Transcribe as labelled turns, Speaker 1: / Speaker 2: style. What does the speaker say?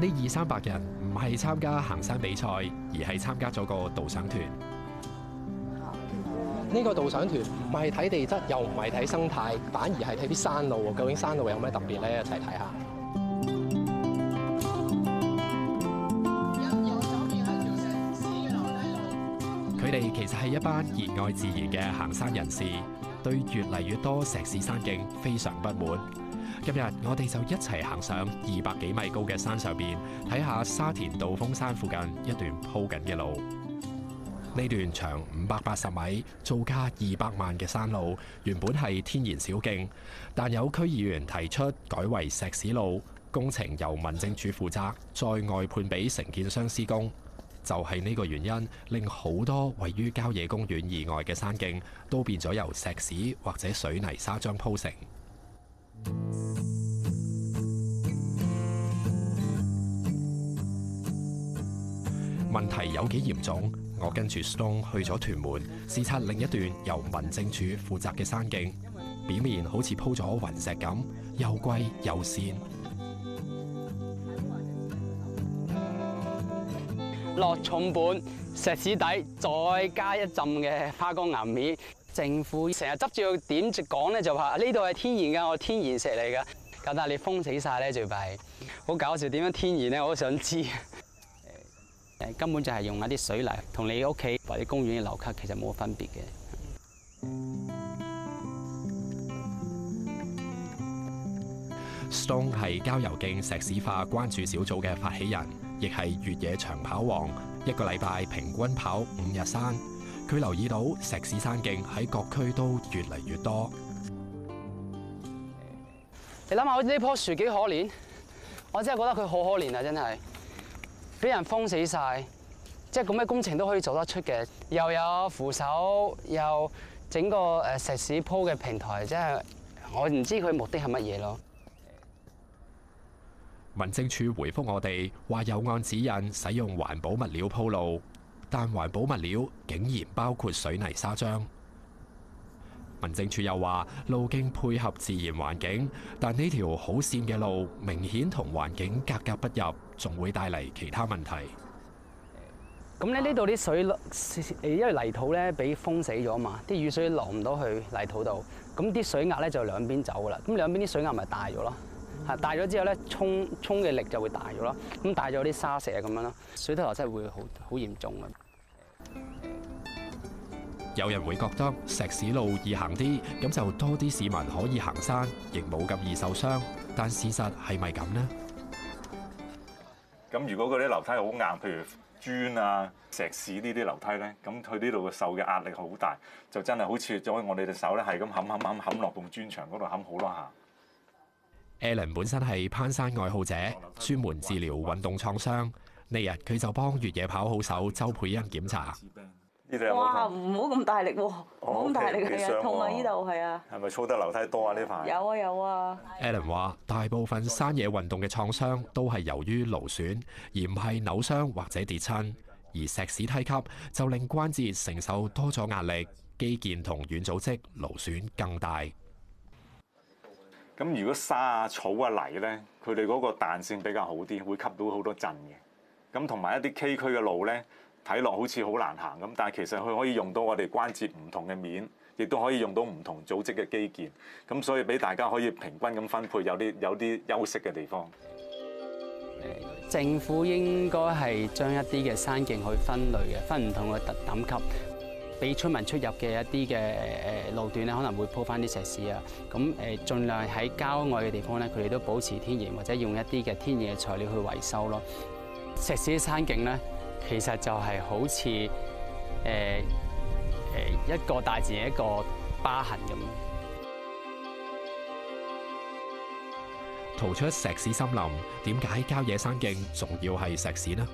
Speaker 1: 呢二三百人唔係參加行山比賽，而係參加咗個導賞團。呢個導賞團唔係睇地質，又唔係睇生態，反而係睇啲山路。究竟山路有咩特別呢？一齊睇下。佢哋其實係一班熱愛自然嘅行山人士，對越嚟越多石屎山徑非常不滿。今日我哋就一齊行上二百幾米高嘅山上邊，睇下沙田道風山附近一段鋪緊嘅路。呢段長五百八十米，造價二百萬嘅山路，原本係天然小徑，但有區議員提出改為石屎路，工程由民政署負責，再外判俾承建商施工。就係、是、呢個原因，令好多位於郊野公園以外嘅山徑，都變咗由石屎或者水泥砂漿鋪成。問題有幾嚴重？我跟住 stone 去咗屯門視察另一段由民政處負責嘅山徑，表面好似鋪咗雲石咁，又貴又
Speaker 2: 鮮，落重本石屎底，再加一浸嘅花崗岩面。政府成日執住點就講咧，就話呢度係天然噶，我天然石嚟噶。咁但係你封死晒咧，最弊。好搞笑，點樣天然咧？我都想知。誒， 根本就係用一啲水泥，同你屋企或者公園嘅樓梯其實冇分別嘅。
Speaker 1: Stone 係郊遊徑石屎化關注小組嘅發起人，亦係越野長跑王，一個禮拜平均跑五日山。佢留意到石屎山徑喺各區都越嚟越多。
Speaker 2: 你諗下，我呢棵樹幾可憐？我真係覺得佢好可憐啊！真係，俾人封死晒，即係咁嘅工程都可以做得出嘅，又有扶手，又整個誒石屎鋪嘅平台，即係我唔知佢目的係乜嘢咯。
Speaker 1: 民政署回覆我哋話，有案指引使用環保物料鋪路。但環保物料竟然包括水泥沙漿。民政處又話路徑配合自然環境，但呢條好線嘅路明顯同環境格格不入，仲會帶嚟其他問題。
Speaker 2: 咁咧呢度啲水，因為泥土咧俾封死咗嘛，啲雨水落唔到去泥土度，咁啲水壓咧就兩邊走噶啦。咁兩邊啲水壓咪大咗咯。嚇大咗之後咧，沖沖嘅力就會大咗咯，咁帶咗啲沙石啊咁樣咯，水土流失會好好嚴重嘅。
Speaker 1: 有人會覺得石屎路易行啲，咁就多啲市民可以行山，亦冇咁易受傷。但事實係咪咁咧？咁如果嗰啲樓梯好硬，譬如磚啊、石屎呢啲樓梯咧，咁佢呢度嘅受嘅壓力好大，就真係好似將我哋隻手咧，係咁冚冚冚冚落棟磚牆嗰度冚好多下。Alan 本身係攀山愛好者，專門治療運動創傷。呢日佢就幫越野跑好手周佩欣檢查。
Speaker 2: 哇，唔好咁大力喎，啊，好，哦，大力㗎呀，痛啊呢度係啊。
Speaker 1: 係，哦，咪，okay，啊，操得樓梯多啊？呢排有啊有啊。Alan 話：大部分山野運動嘅創傷都係由於勞損，而唔係扭傷或者跌親。而石屎梯級就令關節承受多咗壓力，肌腱同軟組織勞損更大。咁如果沙啊草啊泥咧，佢哋嗰個彈性比較好啲，會吸到好多震嘅。咁同埋一啲崎嶇嘅路咧，睇落好似好難行咁，但係其實，佢可以用到我哋關節唔同嘅面，亦都可以用到唔同組織嘅肌腱，咁所以俾大家可以平均咁分配，有啲有啲休息嘅地方。
Speaker 2: 政府應該，係將一啲嘅山徑去分類嘅，分唔同嘅特等級。俾村民出入嘅一啲嘅誒路段咧，可能會鋪翻啲石屎啊。咁誒，儘量喺郊外嘅地方咧，佢哋都保持天然或者用一啲嘅天然嘅材料去維修咯。石屎山徑咧，其實就係好似誒誒一個大自然一個疤痕咁樣。逃出石屎森林，點解郊野山徑仲要係石屎呢？